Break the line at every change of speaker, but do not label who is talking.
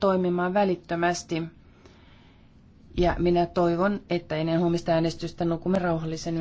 toimimaan välittömästi. Ja minä toivon, että ennen huomista äänestystä nukumme rauhallisemmin.